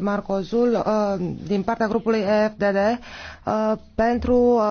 Marcozul uh, din partea grupului EFDD uh, pentru uh,